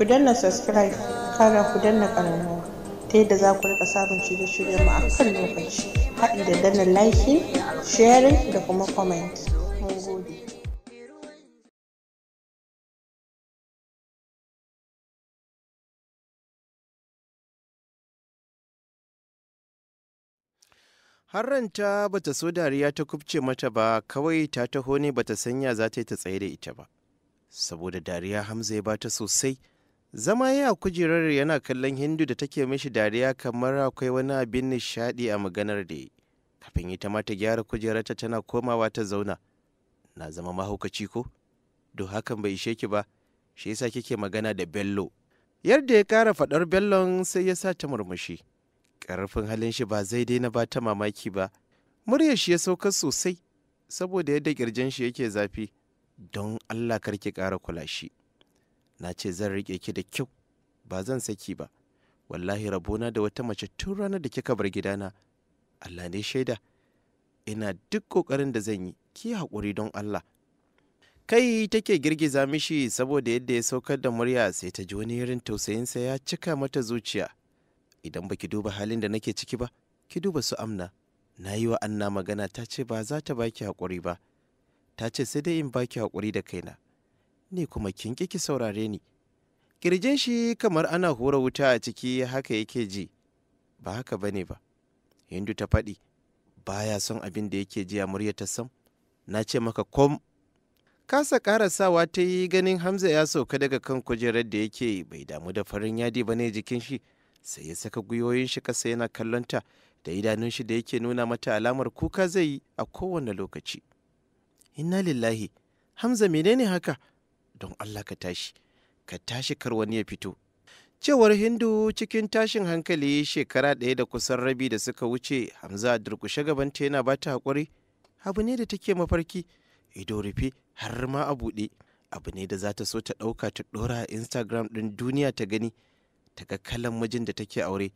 ku danna subscribe kara ku danna ƙararrawa ta yadda za ku rika samun shirye shiryen mu a kan lokaci haɗi da danna like sharing da kuma comment mun gode ba bata so dariya ta kubce mata ba kawai ta taho ne bata sanya za ta yi ta tsaye da ita ba saboda dariya hamza ya bata sosai zama ya a kujerar yana kallon hindu da take mishi dariya kamar akwai wani abin nishadi a maganar da kafin ita ma ta gyara kujerarta tana komawa ta zauna na zama mahaukaci ko don hakan bai ishe ki ba shi yasa kike magana da bello yadda ya kara fadar bellon sai ya sa ta murmushi ƙarfin halin shi ba zai daina ba ta mamaki ba murya shi ya sauka sosai saboda yadda kirjin shi yake zafi don allah karki ƙara kula shi na ce zan rike ki da kyau ba zan saki ba wallahi rabona da wata mace tun ranar da kika bar gidana allah ne shaida ina duk ƙoƙarin da zan yi ki haƙuri don allah kai take girgiza mishi saboda yadda ya saukar da murya sai ta ji wani irin tausayinsa ya cika mata zuciya idan baki duba halin da nake ciki ba ki duba su amna na yi wa anna magana ta ce ba za ta baki haƙuri ba ta ce sai dai in baki haƙuri da kaina ne kuma kin ki saurare ni kirjin shi kamar ana hura wuta a ciki haka yake ji ba haka ba ne ba hindu ta faɗi baya son abin da yake ji a murya ta san. na ce maka kom kasa ƙara sawa ta yi ganin hamza ya sauka daga kan kujerar da yake bai damu da farin yadi ba ne jikin shi sai ya saka gwiwoyin shi kasa yana kallonta da idanun shi da yake nuna mata alamar kuka zai yi a kowane lokaci inna lillahi hamza menene haka don Allah ka tashi ka tashi kar wani ya fito cewar hindu cikin tashin hankali shekara ɗaya da kusan rabi da suka wuce hamza durkushe ta yana ba ta haƙuri abu ne da take mafarki ido rufe har ma a buɗe abu ne da za ta so ta ɗauka ta ɗora a instagram ɗin duniya ta gani ta ga kalan mijin da take aure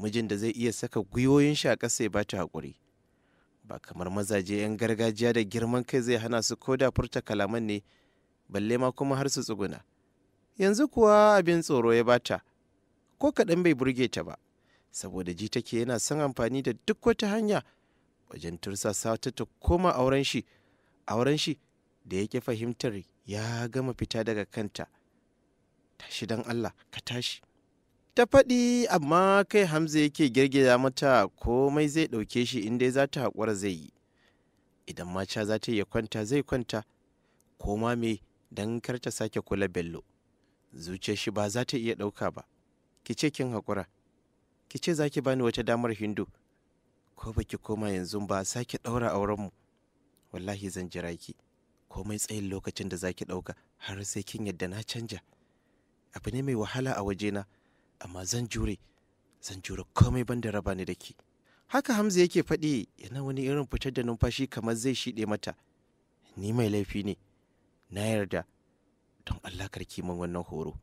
mijin da zai iya saka gwiwoyin shi a ƙasa ya ba ta haƙuri ba kamar mazaje 'yan gargajiya da girman kai zai hana su ko da furta kalaman ne balle ma kuma har su tsuguna yanzu kuwa abin tsoro ya bata ko kaɗan bai burge ta ba saboda ji take yana son amfani da duk wata hanya wajen tursasa ta ta koma auren shi auren shi da yake fahimtar ya gama fita daga kanta tashi don allah ka tashi ta faɗi amma kai hamza yake girgiza mata komai zai ɗauke shi inda za ta haƙura zai yi idan mata za ta iya kwanta zai kwanta ko ma me don kar ta sake kula bello zuciyar shi ba za ta iya ɗauka ba ki ce kin haƙura ki ce za ki bani wata damar hindu ko baki koma yanzu ba sake ɗaura aurenmu wallahi zan jira ki komai tsayin lokacin da za ki ɗauka har sai kin yadda na canja abu ne mai wahala a wajena amma zan jure zan jure komai ban da raba ni da ki haka hamza yake faɗi yana wani irin fitar da numfashi kamar zai shiɗe mata ni mai laifi ne na yarda don Allah karki min wannan horo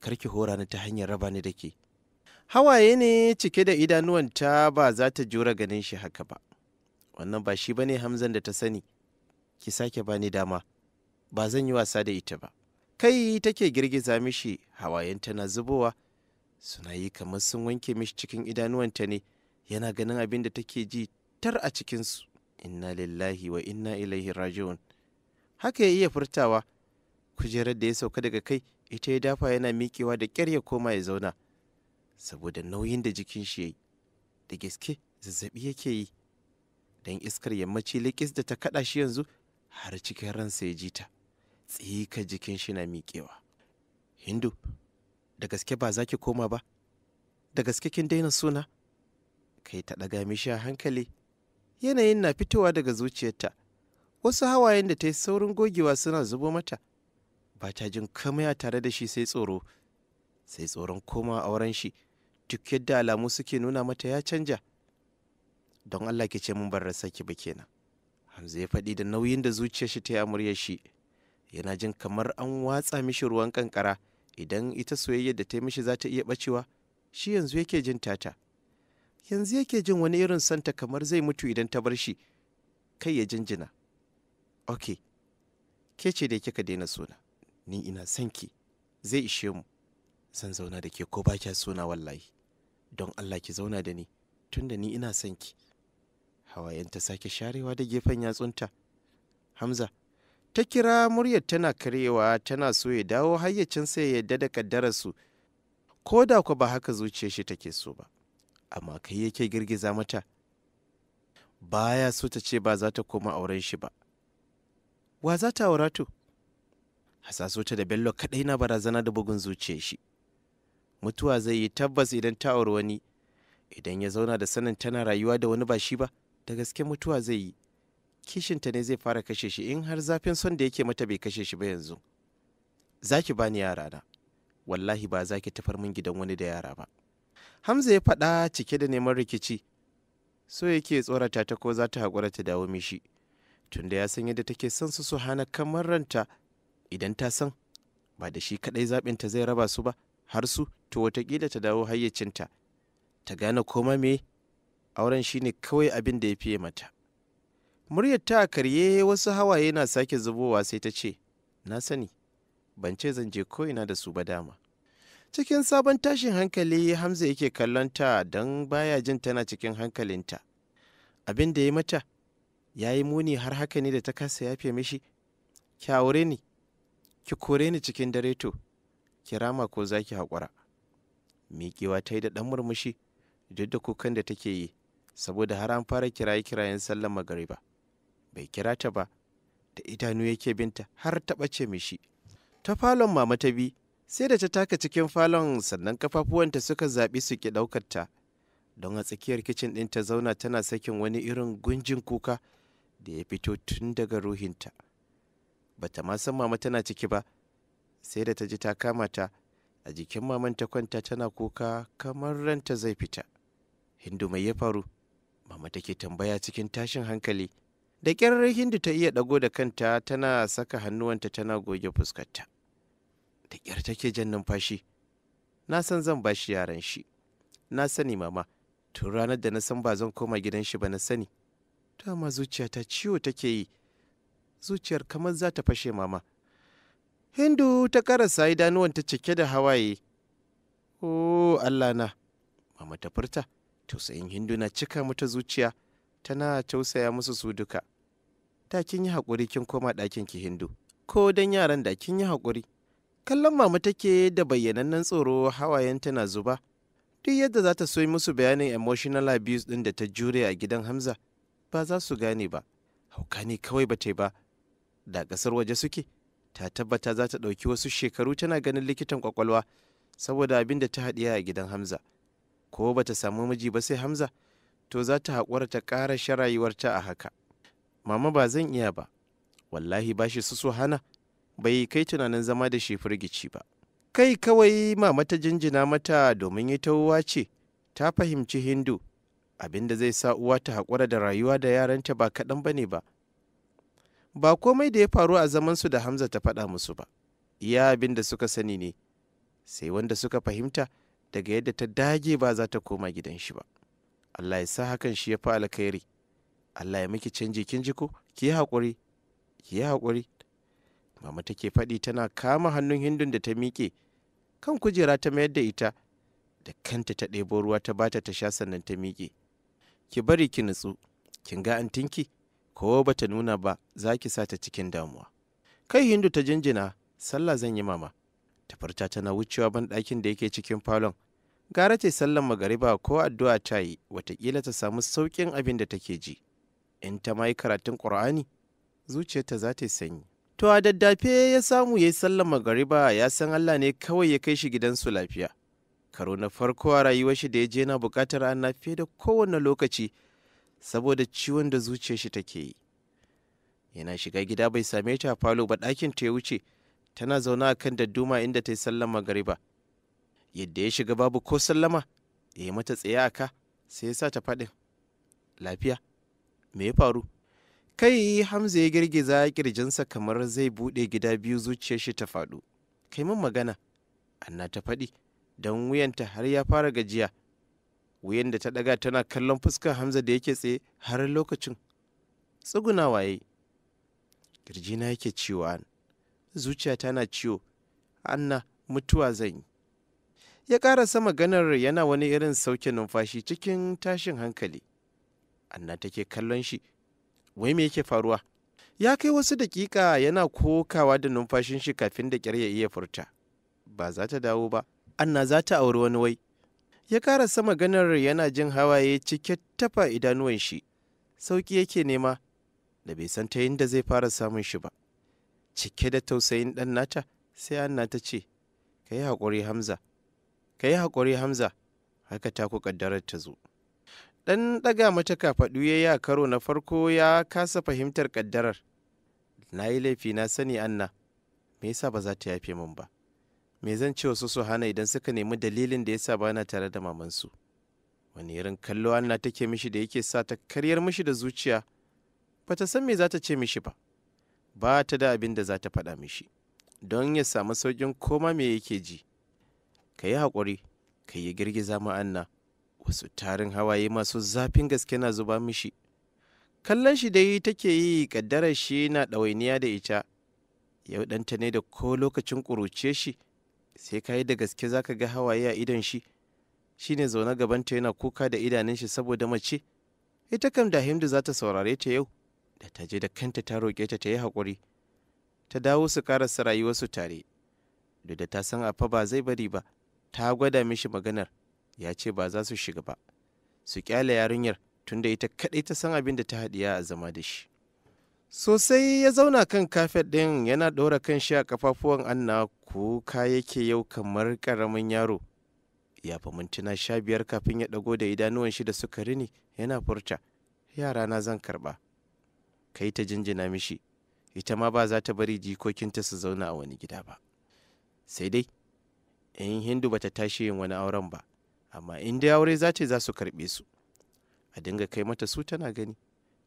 karki hora ni ta hanyar raba ni da ke hawaye ne cike da idanuwanta ba za ta jura ganin shi haka ba wannan ba shi bane hamzan da ta sani ki sake bani dama ba zan yi wasa da ita ba kai take girgiza mishi hawayen na zubowa suna yi kamar sun wanke mishi cikin idanuwanta ne yana ganin abin da take ji tar a cikinsu inna lillahi wa inna ilaihi raji'un haka ya iya furtawa kujerar da ya sauka daga kai ita ya dafa yana miƙewa da kyar ya koma ya zauna saboda nauyin da jikin shi ya yi da gaske zazzabi yake yi don iskar yammaci likis da ta kaɗa shi yanzu har cikin ransa ya ji ta tsika jikin shi na miƙewa hindu da gaske ba za ki koma ba da gaske kin daina suna kai ta ɗaga mishi a hankali yanayin na fitowa daga zuciyarta wasu hawayen da ta yi saurin gogewa suna zubo mata ba ta jin kamai a tare da shi sai tsoro sai tsoron koma auren shi duk yadda alamu suke nuna mata ya canja don allah ki ce mun bar rasa ki ba kenan hamza ya faɗi da nauyin da zuciyar shi ta yi amuryar shi yana jin kamar an watsa mishi ruwan kankara idan ita soyayyar da ta yi mishi za ta iya bacewa shi yanzu yake jin tata yanzu yake jin wani irin santa kamar zai mutu idan ta bar shi kai ya jinjina ok ke ce da kika daina suna ni ina son ki zai ishe mu zan zauna da ke ko ba kya suna wallahi don allah ki zauna da ni tun da ni ina son ki hawayen ta sake sharewa da gefen yatsunta hamza ta kira muryar tana karewa tana so ya dawo hayyacinsa ya yarda da kaddararsu ko da ku ba haka zuciyar shi take so ba amma kai yake girgiza mata baya so ta ce ba za ta koma auren shi ba wa za ta wuratu hasaso ta da bello kaɗai na barazana da bugun zuciya shi mutuwa zai yi tabbas idan ta auri wani idan ya zauna da sanin tana rayuwa da wani ba shi ba da gaske mutuwa zai yi kishinta ne zai fara kashe shi in har zafin son da yake mata bai kashe shi ba yanzu za ki bani yara na wallahi ba za ki tafar min gidan wani da yara ba hamza ya faɗa cike da neman rikici so yake tsorata ta ko za ta haƙura ta dawo mishi tunda ya san yadda take son su su hana kamar ranta idan ta san ba da shi kaɗai zaɓinta zai raba su ba har su to watakila ta dawo hayyacinta ta gane koma me auren shine kawai abin da ya fiye mata muryar ta karye wasu hawaye na sake zubowa sai ta ce na sani ban ce zan je ko'ina da su ba dama cikin sabon tashin hankali hamza yake kallon ta don baya jin tana cikin hankalinta abin da ya mata ya yi muni har haka ne da ta kasa yafe mishi ki ne ki kore ni cikin dare to ki rama ko za ki haƙura miƙewa ta yi da ɗan murmushi duk da kukan da take yi saboda har an fara kiraye kirayen sallan magariba bai kira ta ba da idanu yake binta har ta ɓace mishi ta falon mama ta bi sai da ta taka cikin falon sannan kafafuwanta suka zaɓi su ki ɗaukar ta don a tsakiyar kicin ɗin ta zauna tana sakin wani irin gunjin kuka da ya fito tun daga ruhinta Ba ta ma san mama tana ciki ba sai da ta ji ta kama ta a jikin maman ta kwanta tana kuka kamar ranta zai fita hindu mai ya faru mama take tambaya cikin tashin hankali da ƙyarar hindu ta iya ɗago da kanta tana saka hannuwanta tana goge fuskarta da ƙyar take jan numfashi na san zan ba shi yaran shi na sani mama tun ranar da na san ba zan koma gidan shi ba na sani dama ta ciwo take yi zuciyar kamar za ta fashe mama hindu ta karasa ta cike da hawaye o allah na mama ta furta tausayin hindu na cika mata zuciya tana tausaya musu su duka da kin yi haƙuri kin koma ɗakin ki hindu ko don yaran da kin yi haƙuri kallon mama take da bayyanannen tsoro hawayen tana zuba duk yadda za ta so musu bayanin emotional abuse ɗin da ta jure a gidan hamza ba za su gane ba hauka ne kawai ba ta ba da ƙasar waje suke ta tabbata za ta ɗauki wasu shekaru tana ganin likitan kwakwalwa saboda abin da ta haɗiya a gidan hamza ko ba ta samu miji ba sai hamza to za ta haƙura ta ƙara sharayuwarta a haka mama ba zan iya ba wallahi ba shi su hana bai kai tunanin zama da shi firgici ba kai kawai mama ta jinjina mata domin ita ce ta fahimci hindu abin da zai sa uwa ta haƙura da rayuwa da yaranta ba kaɗan ba ne ba ba komai da ya faru a zaman su da hamza ta faɗa musu ba iya abin da suka sani ne sai wanda suka fahimta daga yadda ta dage ba za ta koma gidan shi ba allah ya sa hakan shi ya fi alkhairi allah ya miki canji kin ji ko ki yi haƙuri ki yi haƙuri mama take faɗi tana kama hannun hindun da ta miƙe kan kujera ta mayar da ita da kanta ta ɗebo ruwa ta bata ta sha sannan ta miƙe ki bari ki nutsu kin ga antinki ko bata nuna ba za ki sa ta cikin damuwa kai hindu ta jinjina sallah zan yi mama tafarta tana wucewa ban ɗakin da yake cikin falon gara ta sallan magariba ko addu'a ta yi watakila ta samu sauƙin abin da take ji in ta ma yi karatun ƙur'ani zuciyarta za ta yi sanyi to a daddafe ya samu ya yi sallan magariba ya san allah ne kawai ya kai shi gidansu lafiya karo na farko a rayuwar shi da ya je na bukatar ana fiye da kowane lokaci saboda ciwon da zuciyar shi take yi yana shiga gida bai same ta falo ba ɗakin ta ya wuce tana zauna a kan dadduma inda ta yi sallama magariba. yadda ya shiga babu ko sallama ya yi mata tsaye a ka sai ya sa ta faɗin lafiya me ya faru kai hamza ya girgiza kirjinsa kamar zai buɗe gida biyu zuciyar shi ta faɗo kai min magana anna ta faɗi don wuyanta har ya fara gajiya wuyan da ta daga tana kallon fuskar hamza da yake tsaye har lokacin tsuguna waye girjina yake ciwo an zuciya tana ciwo anna mutuwa zan yi ya sama ganar yana wani irin sauke numfashi cikin tashin hankali anna take kallon shi wai me yake faruwa ya kai wasu dakika yana kokawa da numfashin shi kafin da ƙyar ya iya furta ba za ta dawo ba Anna za ta auri wani wai. Ya karasa maganar yana jin hawaye cike tafa idanuwan shi, sauƙi yake nema da bai san ta yinda zai fara samun shi ba. Cike da tausayin ɗan nata sai Anna ta ce, Ka yi haƙuri Hamza, ka yi haƙuri Hamza, haka ta ku ƙaddarar ta zo. Ɗan ɗaga mata kafaɗu ya yi a karo na farko ya kasa fahimtar ƙaddarar. Na yi laifi na sani Anna, me yasa ba za ta yafe min ba? me zan ce wasu su hana idan suka nemi dalilin da ya sa bana tare da mamansu wani irin kallo Anna take mishi da yake sa ta karyar mishi da zuciya ba ta san me za ta ce mishi ba ba ta da abin da za ta faɗa mishi don ya samu sauƙin koma me yake ji ka yi haƙuri ka yi girgiza ma'anna wasu tarin hawaye masu zafin gaske na zuba mishi kallon shi dai take yi kaddarar shi na ɗawainiya da ita yau ɗanta ne da ko lokacin ƙuruce shi sai ka yi da gaske za ka ga hawaye a idon shi shine zaune gabanta yana kuka da idanun shi saboda mace ita kam da himdu za ta saurare ta yau da ta je da kanta ta roƙe ta ta yi haƙuri ta dawo su karasa rayuwarsu tare duk da ta san afa ba zai bari ba ta gwada mishi maganar ya ce ba za su shiga ba su kyale yarinyar tunda ita kaɗai ta san abin da ta haɗiya a zama da shi sosai ya zauna kan kafet ɗin yana ɗora kan shi a kafafuwan anna kuka yake yau kamar ƙaramin yaro ya fa mintuna sha biyar kafin ya ɗago da idanuwan shi da suka rini yana furta yara na zan karɓa kai ta jinjina mishi ita ma ba za ta bari jikokinta su zauna a wani gida ba sai dai in hindu bata tashi yin wani auren ba amma in dai aure za ta za su karɓe su a dinga kai mata su tana gani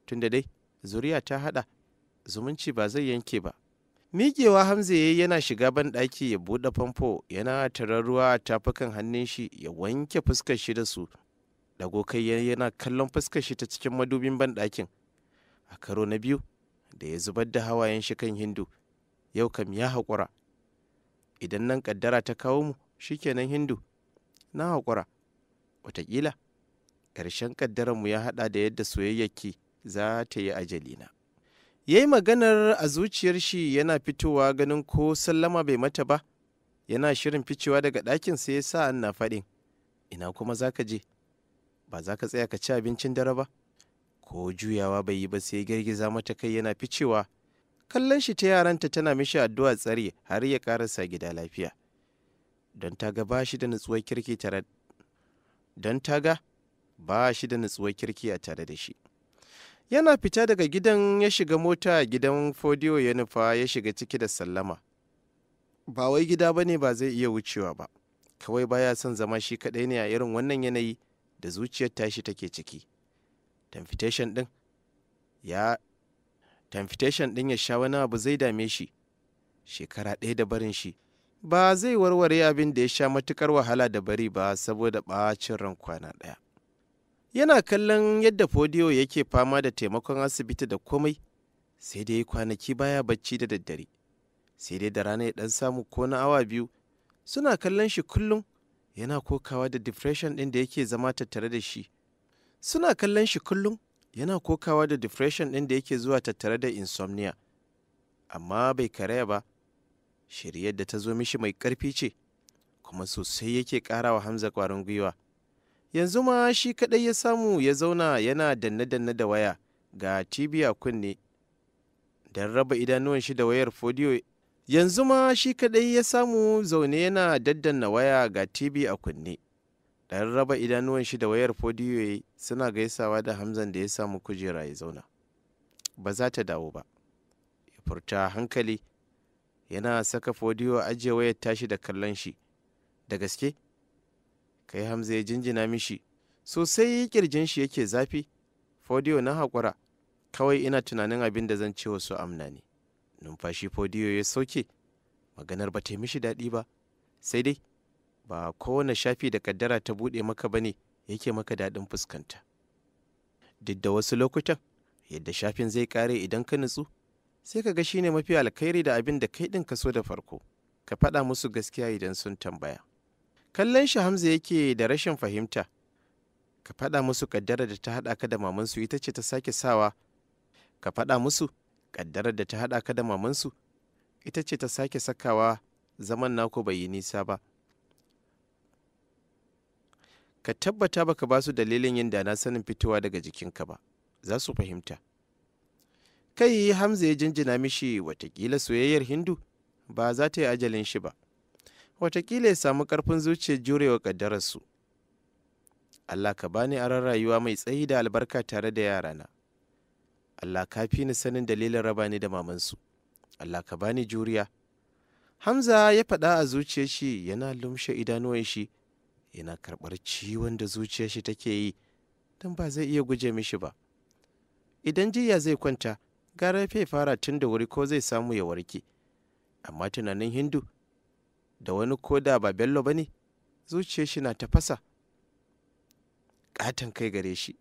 tunda dai zuriya ta haɗa. zumunci ba zai yanke ba mikewa hamza ya yana shiga ban ɗaki ya buɗe famfo yana tarar ruwa a tafukan hannun shi ya wanke fuskar shi da su dago kai yana kallon fuskar shi ta cikin madubin ban ɗakin a karo na biyu da ya zubar da hawayen shi kan hindu yau kam ya haƙura idan nan ƙaddara ta kawo mu shikenan hindu na haƙura wataƙila ƙarshen mu ya haɗa da yadda soyayyaki za ta yi ajalina ya yi maganar a zuciyar shi yana fitowa ganin ko sallama bai mata ba yana shirin ficewa daga ɗakin sai ya sa na faɗin ina kuma za ka je ba za ka tsaya ka ci abincin dare ba ko juyawa bai yi ba sai girgiza mata kai yana ficewa kallon shi ta yaranta tana mishi addu'a tsare har ya karasa gida lafiya don ta ga ba shi da nutsuwar kirki kirki a tare da shi yana fita daga gidan ya shiga mota gidan fodiyo ya nufa ya shiga ciki da sallama ba wai gida ba ne ba zai iya wucewa ba kawai baya son zama shi kaɗai ne a irin wannan yanayi da zuciyar tashi take ciki tamfitation ɗin ya ɗin ya sha wani abu zai dame shi shekara ɗaya da barin shi ba zai warware abin da ya sha matukar wahala da bari ba saboda ɓacin ran kwana ɗaya yana kallon yadda fodiyo yake fama da taimakon asibiti da komai sai dai kwanaki baya bacci da daddare sai dai da rana ya dan samu ko na awa biyu suna kallon shi kullum yana kokawa da depression ɗin da yake zama tattare da shi suna kallon shi kullum yana kokawa da depression ɗin da yake zuwa tattare da insomnia amma bai karaya ba shirye da ta zo mishi mai ƙarfi ce kuma sosai yake ƙara wa hamza ƙwarin gwiwa yanzu ma shi kaɗai ya samu ya zauna yana danne-danne da waya ga cibiya kunne don raba idanuwan shi da wayar fodiyo yanzu ma shi kaɗai ya samu zaune yana daddanna waya ga tv a kunne ɗan raba idanuwan shi da wayar fodiyo suna gaisawa da hamzan da ya samu kujera ya zauna ba za ta dawo ba ya furta hankali yana saka fodiyo ajiye wayar tashi da kallon shi da gaske kai hamza ya jinjina mishi sosai kirjin shi yake zafi fodiyo na haƙura kawai ina tunanin abin da zan ce wasu amna ne numfashi fodiyo ya sauke maganar ba ta yi mishi daɗi ba sai dai ba kowane shafi da kaddara ta buɗe maka ba ne yake maka daɗin fuskanta duk da wasu lokutan yadda shafin zai kare idan ka nutsu sai ka ga shine mafi alkhairi da abin da kai ɗin ka so da farko ka faɗa musu gaskiya idan sun tambaya kallon shi hamza yake da rashin fahimta ka faɗa musu ƙaddarar da ta haɗa ka da mamansu ita ce ta sake sawa ka faɗa musu ƙaddarar da ta haɗa ka da mamansu ita ce ta sake sakawa zaman naku bai yi nisa ba ka tabbata baka ba su dalilin yin da na sanin fitowa daga jikinka ba za su fahimta kai hamza ya jinjina mishi watakila soyayyar hindu ba za ta yi ajalin shi ba watakila ya samu karfin zuciya jurewa kaddararsu Allah ka bani aron rayuwa mai tsayi da albarka tare da yarana Allah ka fi ni sanin dalilin raba ni da mamansu Allah ka bani juriya Hamza ya faɗa a zuciyar shi yana lumshe idanuwan shi yana karɓar ciwon da zuciyar shi take yi don ba zai iya guje mishi ba idan jiya zai kwanta gara ya fara tun da wuri ko zai samu ya warke amma tunanin hindu da wani koda ba bello ba ne zuciyar shi na tafasa Katon kai gare shi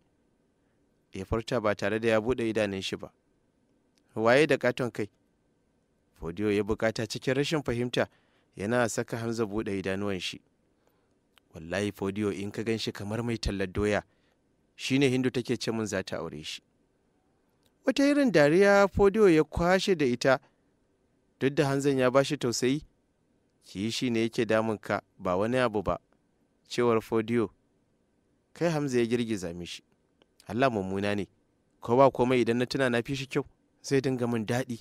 ya farta ba tare da ya buɗe idanun shi ba waye da katon kai fodiyo ya bukata cikin rashin fahimta yana saka hamza buɗe idanuwan shi wallahi fodiyo in ka gan shi kamar mai tallar doya shine hindu take ce mun za ta aure shi wata irin dariya fodiyo ya kwashe da ita duk da hanzan ya shi tausayi ki shi ne yake damun ka ba wani abu ba cewar fodiyo kai hamza ya girgiza mishi allah mummuna ne ko ba komai idan na tuna na fi shi kyau zai dinga min daɗi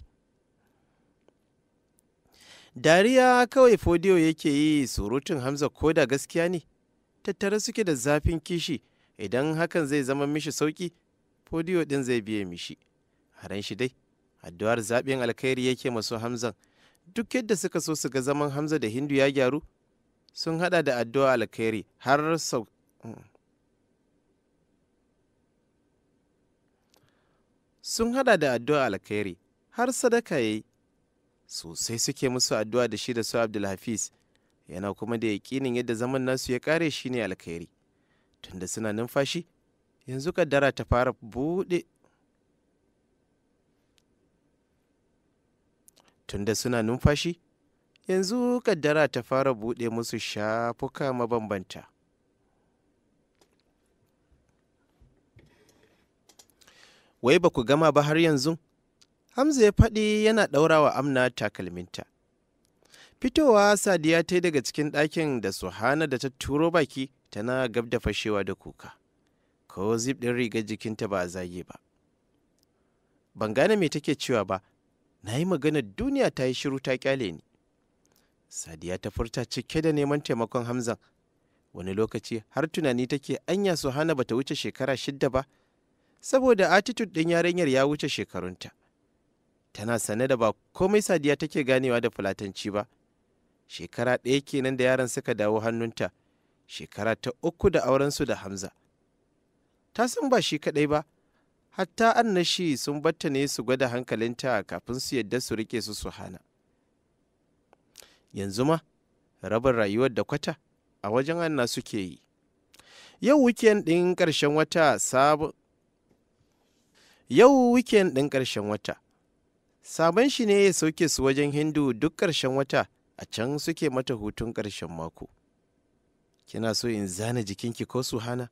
dariya kawai fodiyo yake yi surutun hamza ko da gaskiya ne tattare suke da zafin kishi idan hakan zai zama mishi sauki fodiyo ɗin zai biye mishi haran shi dai addu'ar zaɓin alkhairi yake masu hamzan duk yadda suka so su ga zaman hamza da hindu ya gyaru sun hada da addu'a alkhairi har sau hmm. sun hada da addu'a alkhairi har sadaka yayi sosai suke musu addu'a da shi da su abdulhafiz yana kuma da yaƙinin yadda zaman nasu ya kare shi ne alkhairi tunda suna numfashi yanzu kaddara ta fara buɗe tunda suna numfashi yanzu kaddara ta fara buɗe musu shafuka mabambanta wai ba ku gama ba har yanzu hamza ya faɗi yana ɗaurawa amna takalminta fitowa sadiya ta daga cikin ɗakin da su Hana da ta turo baki tana gab da fashewa da kuka ko zip ɗin rigar jikinta ba a zage ba ban gane me take cewa ba na yi maganar duniya ta yi shiru ta kyale ni sadiya ta furta cike da neman taimakon Hamza. wani lokaci har tunani take anya su hana bata wuce shekara shidda ba saboda attitude ɗin yarinyar ya wuce shekarunta tana sane da ba komai sadiya take ganewa da fulatanci ba shekara ɗaya kenan da yaran suka dawo hannunta shekara ta uku da aurensu da hamza ta san ba shi kaɗai ba hatta annashi sun batta ne su gwada hankalinta kafin su yadda su rike su su hana yanzu ma rabin rayuwar da kwata a wajen anna suke yi yau weekend ɗin ƙarshen wata sabon yau ɗin ƙarshen wata sabon shi ne ya sauke su wajen hindu duk ƙarshen wata a can suke mata hutun ƙarshen mako kina so in zana jikinki ko su hana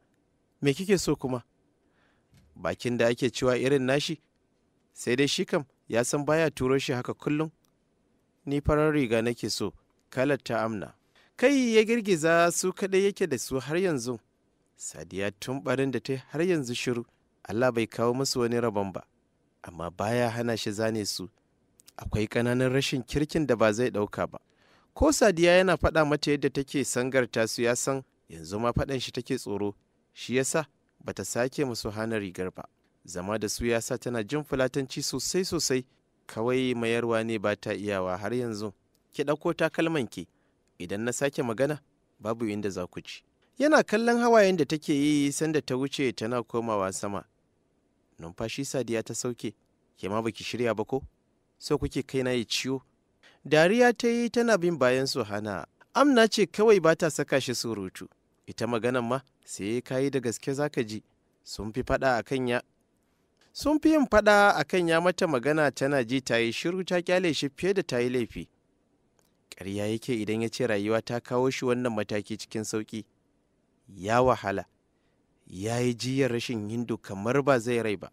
me kike so kuma bakin da ake cewa irin nashi sai dai shi kam ya san baya turo shi haka kullum ni farar riga nake so kalar ta amna kai ya girgiza su kaɗai yake da su har yanzu sadiya tun barin da ta har yanzu shiru allah bai kawo musu wani rabon ba amma baya hana shi zane su akwai ƙananan rashin kirkin da ba zai ɗauka ba ko sadiya yana faɗa mata yadda take sangarta su ya san yanzu ma faɗan shi take tsoro shi yasa bata sake musu hana rigar ba zama da su ya sa tana jin fulatanci sosai sosai kawai mayarwa ne ba ta iyawa har yanzu ki ɗauko takalman ki idan na sake magana babu inda za ku ci yana kallon hawayen da take yi sanda ta wuce tana komawa sama numfashi sadiya ta sauke ke ma baki shirya ba ko so kuke kai na yi ciwo dariya ta yi tana bin bayan su hana amna ce kawai ba ta saka shi surutu ita maganan ma sai ka yi da gaske za ka ji sun fi fada a kan ya sun fi yin faɗa a kan ya mata magana tana ji ta yi shiru ta kyale shi fiye da ta yi laifi ƙarya yake idan ya ce rayuwa ta kawo shi wannan mataki cikin sauƙi ya wahala ya yi jiyar rashin hindu kamar ba zai rai ba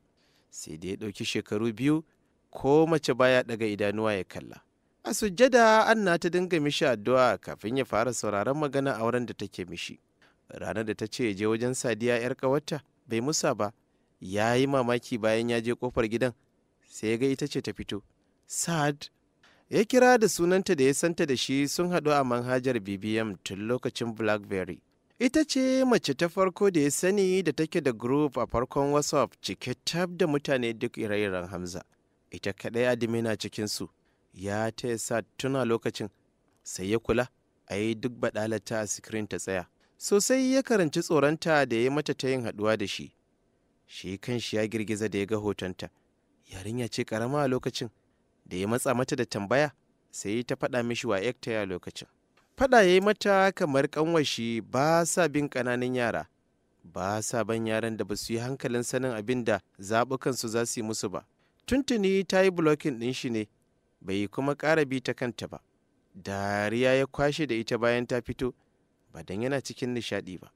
sai da ya ɗauki shekaru biyu ko mace baya daga idanuwa ya kalla a sujjada an na ta dinga mishi addu'a kafin ya fara sauraron magana a wurin da take mishi ranar da ta ce je wajen sadiya 'yar ƙawarta bai musa ba ya yi mamaki bayan ya je kofar gidan sai ya ga ita ce ta fito sad ya kira da sunanta da ya santa da shi sun haɗu a manhajar bbm tun lokacin blackberry ita ce mace ta farko da ya sani da take da group a farkon whatsapp cike tab da mutane duk ire-iren hamza ita kaɗai adimina cikinsu ya taya sa tuna lokacin sai ya kula a yi duk baɗalata a sikirin ta tsaya sosai ya karanci tsoronta da ya mata ta yin haɗuwa da shi shi kanshi ya girgiza da ya ga hotonta yarinya ce karama a lokacin da ya matsa mata da tambaya sai ta faɗa mishi wa ekta a lokacin faɗa ya yi mata kamar kanwashi ba sa bin ƙananan yara ba sa ban yaran da ba su yi hankalin sanin abin da zaɓukansu za su yi musu ba tuntuni ta yi blocking ɗin shi ne bai kuma ƙara bi ta kanta ba dariya ya kwashe da ita bayan ta fito ba don yana cikin nishaɗi ba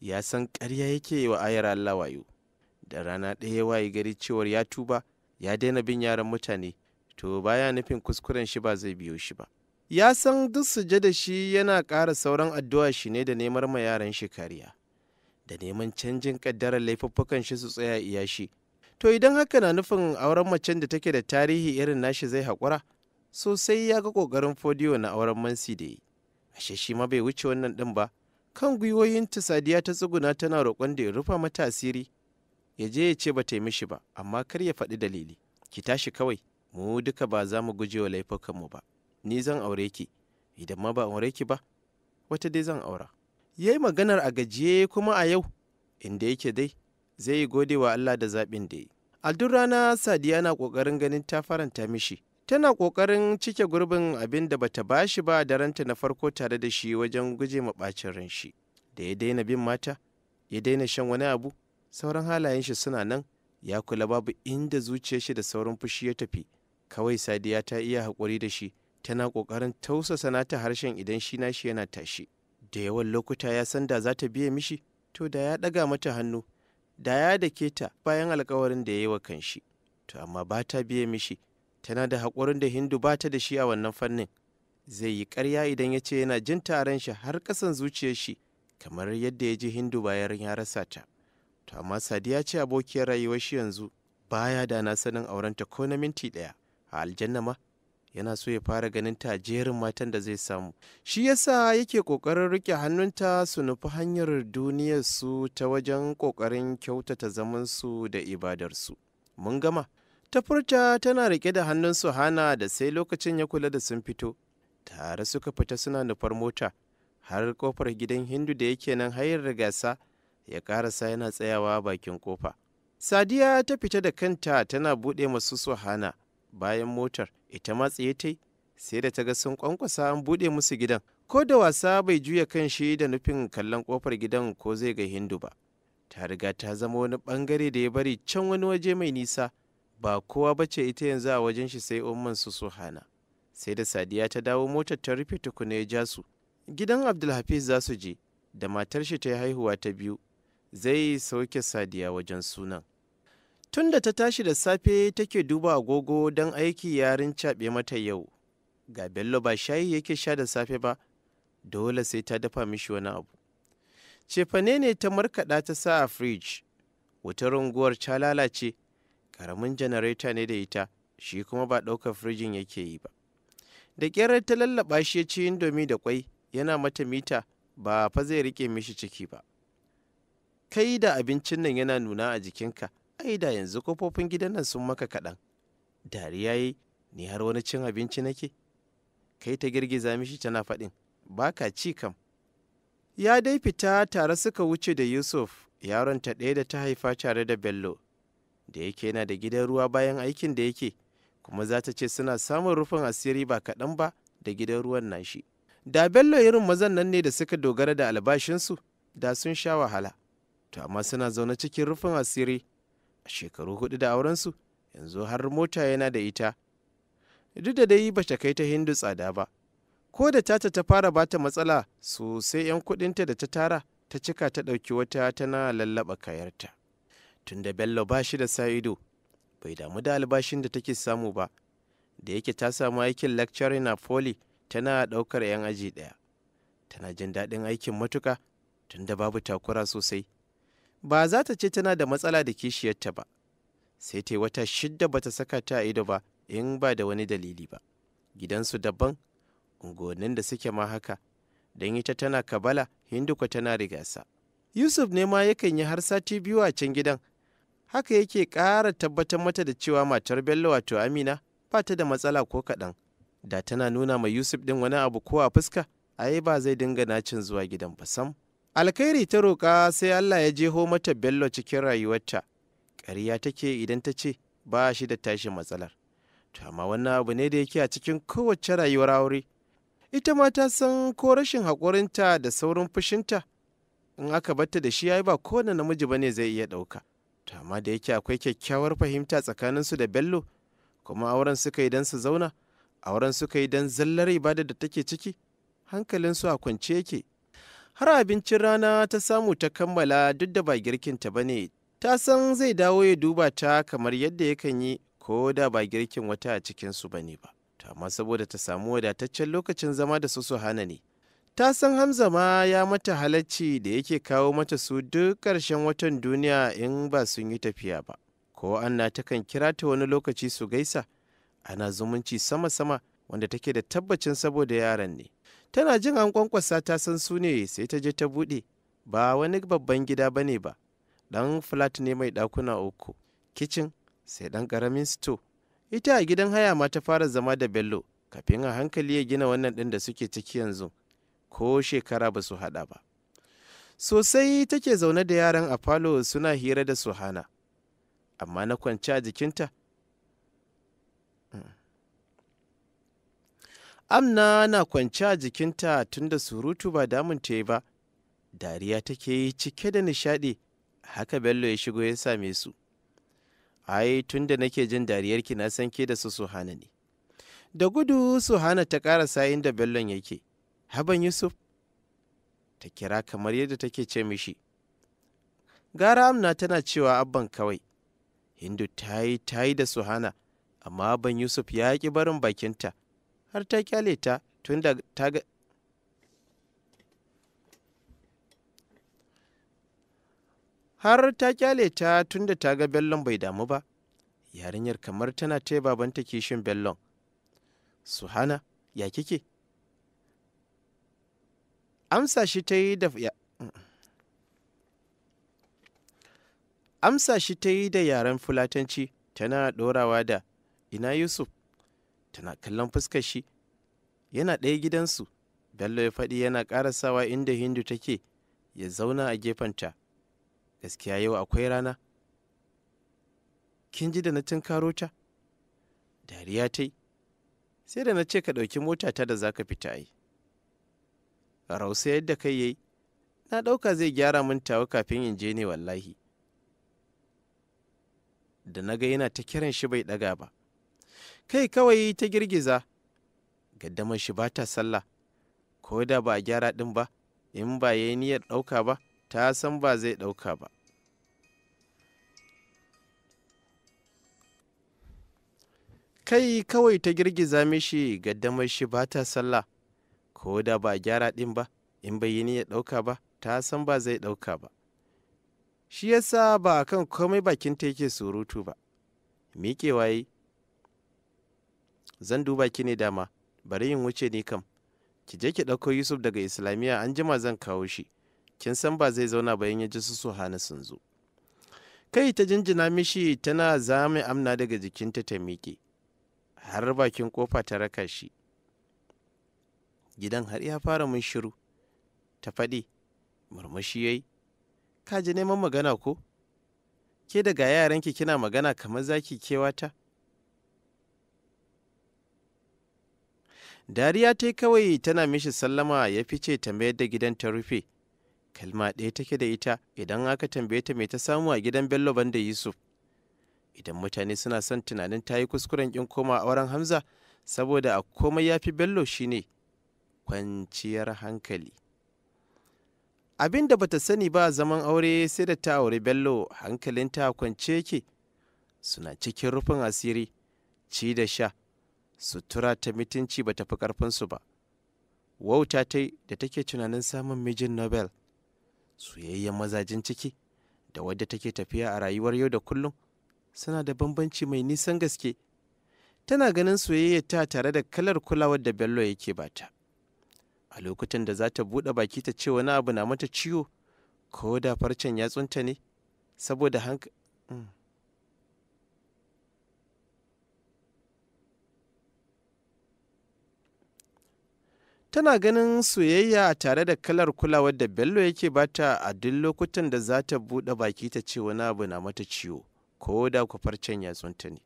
ya san ƙarya yake yi wa ayar Allah wayo da rana ɗaya wayi gari cewar ya tuba ya daina bin yaran mutane to baya nufin kuskuren shi ba zai biyo shi ba ya san duk suje da shi yana ƙara sauran addu'a shi ne da neman ma yaran shi kariya da neman canjin ƙaddarar laifuffukan shi su tsaya iya shi to idan haka na nufin auren macen da take da tarihi irin nashi zai haƙura sosai ya ga ƙoƙarin fodiyo na auren mansi da yi ashe shi ma bai wuce wannan din ba kan gwiwoyin ta sadiya ta tsuguna tana roƙon da ya rufa mata asiri ya je ya ce ba ta yi mishi ba amma kar ya faɗi dalili ki tashi kawai mu duka ba za mu guje wa laifukanmu ba ni zan aure ki idan ma ba aure ki ba wata dai zan aura ya yi maganar a gajiye kuma a yau inda yake dai zai yi gode wa Allah da zaɓin da yi a duk rana sadiya na ƙoƙarin ganin ta faranta mishi tana ƙoƙarin cike gurbin abin da bata bashi ba da ranta na farko tare da shi wajen guje ma ɓacin ran shi da ya daina bin mata ya daina shan wani abu sauran halayen shi suna nan ya kula babu inda zuciyar shi da saurin fushi ya tafi kawai sadiya ta iya haƙuri da shi tana ƙoƙarin tausasa nata harshen idan shi nashi yana tashi da yawan lokuta ya san da za ta biye mishi to da ya ɗaga mata hannu da ya dake ta bayan alkawarin da ya yi wa kanshi to amma ba ta biye mishi tana da haƙurin da hindu ba ta da shi a wannan fannin zai yi karya idan ya ce yana jin taron shi har ƙasan zuciyar shi kamar yadda ya ji hindu bayan ya rasa ta to amma sadiya ce abokiyar rayuwar shi yanzu baya da na sanin aurenta ko na minti ɗaya a aljanna ma yana so ya fara ganin ta jerin matan da zai samu shi yasa yake ƙoƙarin rike hannunta su nufi hanyar duniyarsu ta wajen ƙoƙarin kyautata zamansu da ibadarsu mun gama ta furta tana rike da hannun suhana da sai lokacin ya kula da sun fito tare suka fita suna nufar mota har kofar gidan hindu da yake nan hayar rigasa ya karasa yana tsayawa bakin kofa sadiya ta fita da kanta tana buɗe masu suhana bayan motar ita ma tsaye ta sai da ta ga sun kwankwasa an buɗe musu gidan ko da wasa bai juya kan shi da nufin kallon kofar gidan ko zai ga hindu ba ta riga ta zama wani bangare da ya bari can wani waje mai nisa ba kowa bace ita yanzu a wajen shi sai umman su hana sai da sadiya ta dawo motar ta rufe tukuna ya ja su gidan abdulhafiz za su je da matar shi ta yi haihuwa ta biyu zai sauke sadiya wajen sunan tun da ta tashi da safe take duba agogo don aiki yarin caɓe mata yau ga bello ba shayi yake sha da safe ba dole sai ta dafa mishi wani abu cefane ne ta markaɗa ta sa a firij wutar unguwar ta lalace karamin janareta ne da ita shi kuma ba ɗaukar firjin yake yi ba da ƙyarar ta lallaɓa shi ya ci indomi da kwai yana mata mita ba fa zai rike mishi ciki ba kai da abincin nan yana nuna a jikinka ai da yanzu kofofin gidan nan sun maka kaɗan dariya yi ni har wani cin abinci nake kai ta girgiza mishi tana faɗin ba ka ci kam ya dai fita tare suka wuce da yusuf yaron ta ɗaya da ta haifa tare da bello da yake yana da gidan ruwa bayan aikin da yake kuma za ta ce suna samun rufin asiri ba kaɗan ba da gidan ruwan nashi da bello irin mazan nan ne da suka dogara da albashinsu da sun sha wahala to amma suna zaune cikin rufin asiri a shekaru hudu da aurensu yanzu har mota yana da ita duk da dai ba ta kai ta hindu tsada ba ko da tata ta fara bata matsala sosai 'yan kudinta da ta tara ta cika ta ɗauki wata tana lallaba kayarta tunda bello ba shi da saido bai damu da albashin da take samu ba da yake ta samu aikin lecturing a poli tana ɗaukar 'yan aji ɗaya tana jin daɗin aikin matuka tunda babu takura sosai ba za ta ce tana da matsala da kishiyarta ba sai ta yi wata shidda bata saka ta ido ba in ba da wani dalili ba gidansu daban unguwannin da suke ma haka don ita tana kabala hindu tana rigasa yusuf ne ma yakan yi har sati biyu a can gidan haka yake ƙara tabbatar mata da cewa matar bello wato amina ba ta da matsala ko kaɗan da tana nuna mai yusuf ɗin wani abu ko a fuska ai ba zai dinga nacin zuwa gidan ba sam alkhairi ta roƙa sai allah ya jeho mata bello cikin rayuwarta ƙarya take idan ta ce ba shi da tashi matsalar to amma wannan abu ne da yake a cikin kowace rayuwar aure ita ma ta san ko rashin haƙurinta da saurin fushinta in aka batta da shi ai ba kowane namiji ba ne zai iya ɗauka amma da yake akwai kyakkyawar fahimta tsakanin su da bello kuma auren suka yi don su zauna auren suka yi don zallar ibada da take ciki hankalinsu a kwance yake har abincin rana ta samu ta kammala duk da ba girkinta ba ne ta san zai dawo ya duba ta kamar yadda yakan yi ko da ba girkin wata a cikinsu ba ne ba amma saboda ta samu wadataccen lokacin zama da su su hana ne ta san hamza ma ya mata halacci da yake kawo mata su duk ƙarshen watan duniya in ba sun yi tafiya ba ko anna takan kira ta wani lokaci su gaisa ana zumunci sama-sama wanda take da tabbacin saboda yaran ne tana jin an kwankwasa ta san su ne sai ta je ta buɗe ba wani babban gida ba ne ba ɗan flat ne mai ɗakuna uku kicin sai ɗan ƙaramin sto ita a gidan haya ma ta fara zama da bello kafin a hankali ya gina wannan ɗin da suke ciki yanzu ko shekara ba su haɗa ba sosai take zaune da yaran a falo suna hira da suhana amma na kwanci a jikinta mm. amna na kwanci a jikinta tunda surutu ba damun ta ba dariya take yi cike da nishaɗi haka bello ya shigo ya same su ai tunda nake jin dariyarki na san ke da su suhana ne da gudu suhana ta ƙara sayin da bellon yake haban yusuf ta kira kamar yadda take ce mishi gara amna tana cewa abban kawai hindu ta yi ta yi da suhana amma abban yusuf ya ƙi barin bakinta har ta kyale ta tun da ta ga har ta kyale ta tun da ta ga bellon bai damu ba yarinyar kamar tana taya babanta kishin bellon suhana ya kike amsa shi ta yi da amsa shi ta yi da yaren fulatanci tana ɗorawa da ina yusuf tana kallon fuskar shi yana ɗaya gidansu bello ya faɗi yana ƙarasawa inda hindu take ya zauna a gefenta gaskiya yau akwai rana kin ji da na tunkaro ta dariya ta yi sai da na ce ka ɗauki motata da za ka fita yi rausa yadda kai yayi na ɗauka zai gyara min tawa kafin in je ne wallahi da na ga yana ta kiran shi bai ɗaga ba kai kawai ta girgiza gaddamar shi ba ta sallah ko da ba a gyara ɗin ba in ba ya niyyar ɗauka ba ta san ba zai ɗauka ba kai kawai ta girgiza mishi gaddamar shi ba ta sallah ko da ba gyara ɗin ba in bai ya ɗauka ba ta san ba zai ɗauka ba shi yasa ba a kan komai bakin ta yake surutu ba miƙewa waye zan duba ki ne dama bari yin wuce ni kam ki je ki ɗauko yusuf daga islamiyya an jima zan kawo shi kin san ba zai zauna ba in ya su so hana sun zo kai ta jinjina mishi tana zame amna daga jikinta ta miƙe har bakin kofa ta raka shi gidan har ya fara mun shiru ta faɗi murmushi yayi ka ji neman magana ko ke daga ki kina magana kamar zaki kewata dariya ta kawai tana mishi sallama ya fice tambayar da gidan ta rufe kalma ɗaya take da ita idan aka tambaye ta mai ta samu a gidan bello banda yusuf idan mutane suna son tunanin ta yi kuskuren kin koma auren hamza saboda a komai ya fi bello shine kwanciyar hankali abin da bata sani ba zaman aure sai da ta aure bello hankalinta kwance yake suna cikin rufin asiri ci da sha sutura ta mitinci bata fi karfinsu ba wauta ta da take tunanin samun mijin nobel soyayyen mazajin ciki da wadda take tafiya a rayuwar yau da kullum suna da bambanci mai nisan gaske tana ganin soyayya ta tare da kalar kulawar da bello yake bata a lokutan da za ta buɗe baki ta ce wani abu na mata ciwo ko da farcen ya tsunta ne saboda hanka mm. tana ganin soyayya a tare da kalar kulawar da bello yake bata a duk lokutan da za ta buɗe baki ta ce wani abu na mata ciwo ko da ku farcen ya tsunta ne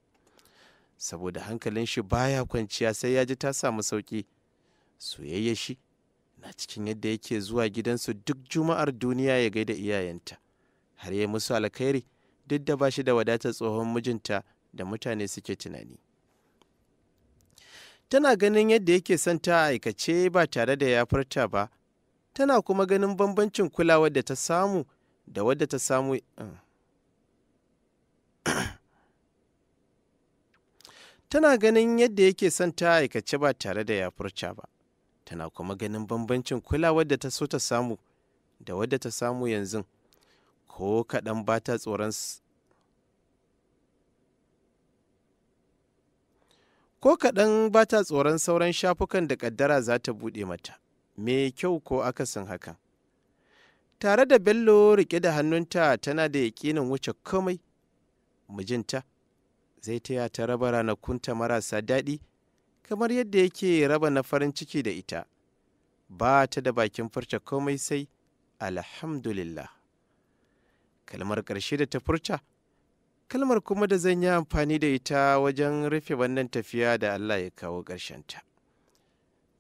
saboda hankalin shi baya kwanciya sai ya ji ta samu sauƙi soyayya shi na cikin yadda yake zuwa gidansu duk juma'ar duniya ya gaida iyayenta har ya musu alkhairi duk da bashi da wadatar tsohon mijinta da mutane suke tunani tana ganin yadda yake son ta aikace ba tare da ya furta ba tana kuma ganin bambancin kulawa da ta samu da wadda ta samu eh. tana ganin yadda yake son ta aikace ba tare da ya furta ba tana kuma ganin bambancin kulawar da ta so ta samu da wadda ta samu yanzu ko kaɗan ba ta tsoron ko kaɗan ba ta tsoron sauran shafukan da ƙaddara za ta buɗe mata me kyau ko akasin hakan tare da bello riƙe da hannunta tana da yaƙinin wuce komai mijinta zai taya ta raba ranakunta marasa daɗi kamar yadda yake raba na farin ciki da ita ba ta da bakin furta komai sai alhamdulillah kalmar ƙarshe da ta furta kalmar kuma da zan yi amfani da ita wajen rufe wannan tafiya da allah ya kawo ta.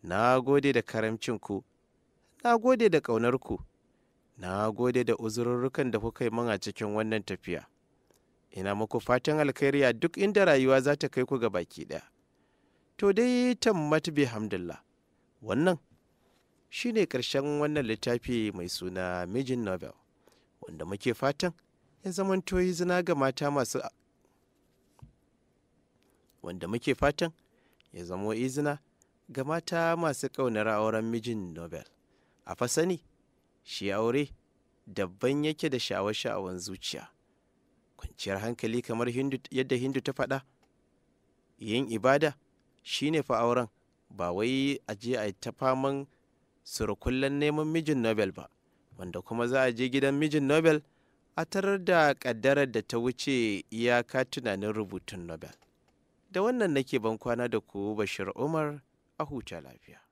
na gode da karamcinku na gode da ƙaunarku na gode da uzurrukan da kuka yi a cikin wannan tafiya ina muku fatan alkhairi a duk inda rayuwa za ta kai ku ga baki ɗaya to dai tammat bi hamdullah wannan ne ƙarshen wannan littafi mai suna mijin nobel wanda muke fatan ya zamanto yi zina ga mata masu wanda muke fatan ya zamo izina ga mata masu ƙaunar auren mijin nobel a fasani shi aure dabban yake da shaawa sha'awar zuciya kwanciyar hankali kamar yadda hindu ta faɗa yin ibada Shi ne fa auren ba wai a je a ta faman surukullen neman mijin nobel ba wanda kuma za a je gidan mijin nobel a tarar da kaddarar da ta wuce iyaka tunanin rubutun nobel da wannan nake ban kwana da ku bashir umar a huta lafiya